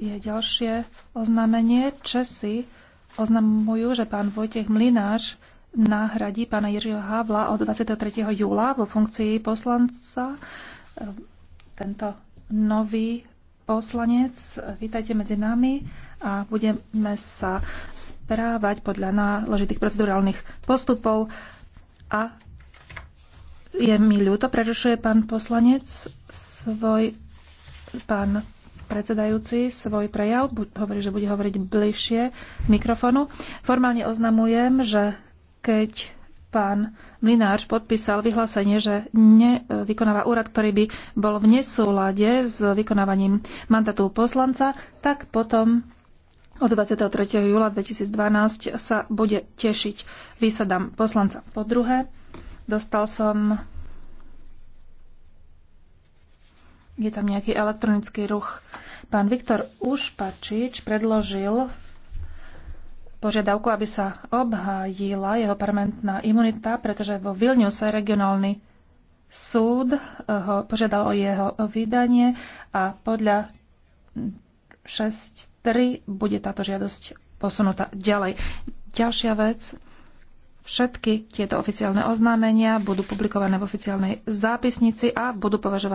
je ďalšie oznámenie. Česi oznamujú, že pán Vojtech Mlináš nahradí pána Jiřího Havla od 23. júla vo funkcii poslanca. Tento nový poslanec, vítajte medzi nami a budeme sa správať podľa náležitých procedurálnych postupov. A je mi ľúto, prerušuje pán poslanec svoj pán predsedajúci svoj prejav. Hovorí, že bude hovoriť bližšie mikrofonu. Formálne oznamujem, že keď pán Mlináč podpísal vyhlásenie, že nevykonáva úrad, ktorý by bol v nesúlade s vykonávaním mandátu poslanca, tak potom od 23. júla 2012 sa bude tešiť výsadám poslanca. Po druhé, dostal som... Je tam nejaký elektronický ruch Pán Viktor Ušpačič predložil požiadavku, aby sa obhájila jeho parlamentná imunita, pretože vo Vilniuse regionálny súd eh, ho požiadal o jeho vydanie a podľa 6.3 bude táto žiadosť posunutá ďalej. Ďalšia vec. Všetky tieto oficiálne oznámenia budú publikované v oficiálnej zápisnici a budú považované